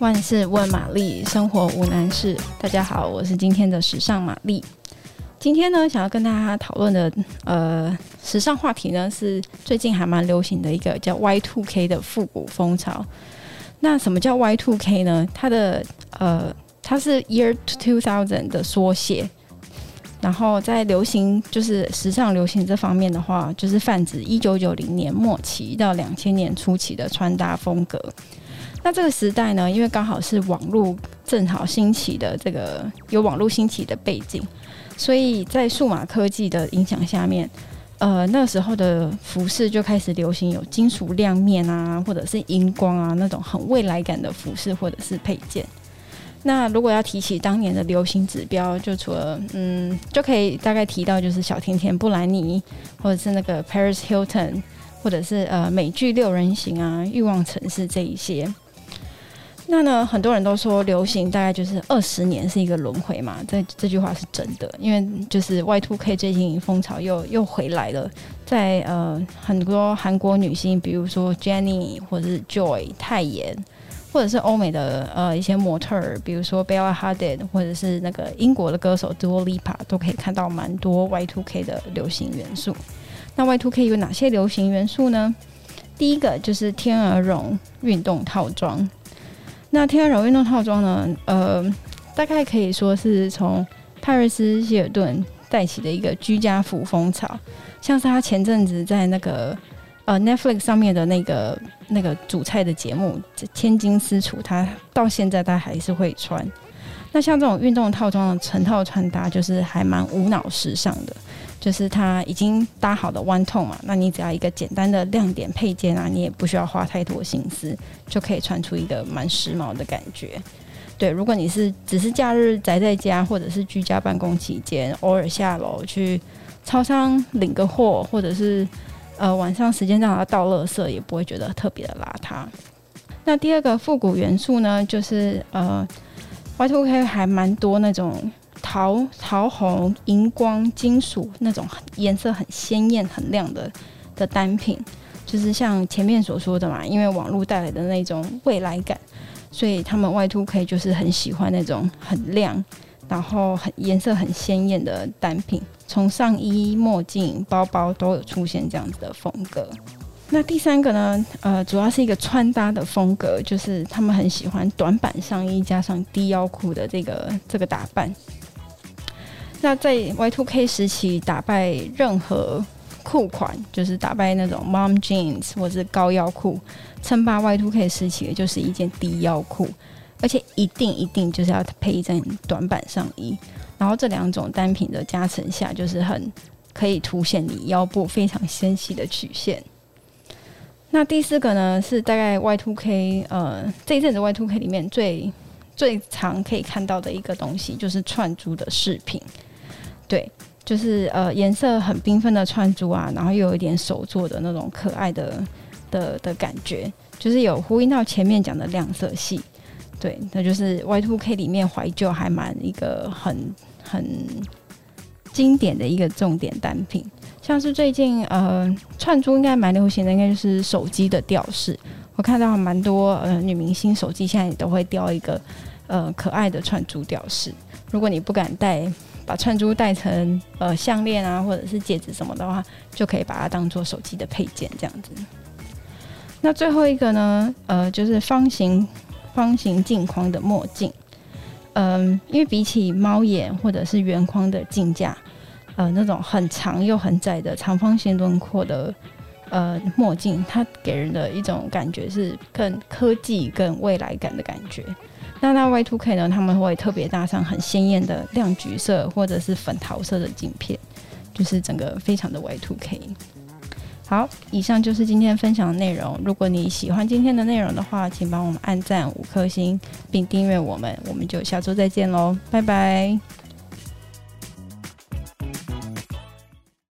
萬事問瑪麗，生活無難事。大家好，我是今天的時尚瑪麗。今天呢，想要跟大家討論的呃時尚話題呢，是最近還蠻流行的一個叫 Y2K 的復古風潮。那什麼叫 Y2K 呢？它的呃，它是 Year 2000的縮寫。然後在流行，就是時尚流行這方面的話，就是泛指一九九零年末期到兩千年初期的穿搭風格。那這個時代呢，因為剛好是網絡正好興起的這個有網絡興起的背景，所以在數碼科技的影響下面，呃，那時候的服飾就開始流行有金屬亮面啊，或者是熒光啊那種很未來感的服飾或者是配件。那如果要提起當年的流行指標，就除了嗯，就可以大概提到就是小甜甜布蘭妮，或者是那個 Paris Hilton，或者是呃美劇《六人行》啊，《慾望城市》這一些。那呢，很多人都說流行大概就是二十年是一個輪迴嘛。這這句話是真的，因為就是 Y Two K 最近風潮又又回來了，在呃很多韓國女星，比如說 Jennie 或者是 Joy、太妍，或者是歐美的呃一些模特兒，比如說 Bella Hadid，或者是那個英國的歌手 Dua Lipa，都可以看到蠻多 Y Two K 的流行元素。那 Y Two K 有哪些流行元素呢？第一個就是天鵝絨運動套裝。那天鵝絨運動套裝呢，呃，大概可以說是從派瑞斯希爾頓帶起的一個居家服風潮，像是他前陣子在那個呃 Netflix 上面的那個那個主菜的節目《千金私廚》，他到現在他還是會穿。那像這種運動套裝的成套穿搭，就是還蠻無腦時尚的，就是它已經搭好的 one tone 嘛。那你只要一個簡單的亮點配件啊，你也不需要花太多心思，就可以穿出一個蠻時髦的感覺。對，如果你是只是假日宅在家，或者是居家辦公期間，偶爾下樓去，超商領個貨，或者是呃晚上時間讓它倒垃圾，也不會覺得特別的邋遢。那第二個復古元素呢，就是呃。Y2K 還蠻多那種桃桃紅、熒光、金屬那種顏色很鮮豔、很亮的的單品，就是像前面所說的嘛，因為網絡帶來的那種未來感，所以他們 Y2K 就是很喜歡那種很亮，然後很顏色很鮮豔的單品，從上衣、墨鏡、包包都有出現這樣子的風格。那第三個呢？呃，主要是一個穿搭的風格，就是他們很喜歡短版上衣加上低腰褲的這個這個打扮。那在 Y2K 時期打敗任何褲款，就是打敗那種 mom jeans 或是高腰褲，稱霸 Y2K 時期的，就是一件低腰褲，而且一定一定就是要配一件短版上衣。然後這兩種單品的加成下，就是很可以凸顯你腰部非常纖細的曲線。那第四個呢，是大概 Y2K，呃，這一陣子 Y2K 裡面最最常可以看到的一個東西，就是串珠的飾品，對，就是呃顏色很繽紛的串珠啊，然後又有一點手做的那種可愛的的的感覺，就是有呼應到前面講的亮色系，對，那就是 Y2K 裡面懷舊還蠻一個很很經典的一個重點單品，像是最近呃。串珠應該蠻流行的，應該就是手機的吊飾。我看到蠻多呃女明星手機現在也都會吊一個呃可愛的串珠吊飾。如果你不敢戴，把串珠戴成呃項鏈啊，或者是戒指什麼的話，就可以把它當做手機的配件這樣子。那最後一個呢，呃，就是方形方形鏡框的墨鏡。嗯、呃，因為比起貓眼或者是圓框的鏡架。呃，那種很長又很窄的長方形輪廓的呃墨鏡，它給人的一種感覺是更科技、更未來感的感覺。那那 Y2K 呢？他們會特別搭上很鮮豔的亮橘色或者是粉桃色的鏡片，就是整個非常的 Y2K。好，以上就是今天分享的內容。如果你喜歡今天的內容的話，請幫我們按讚五顆星，並訂閱我們，我們就下周再見嘍，拜拜。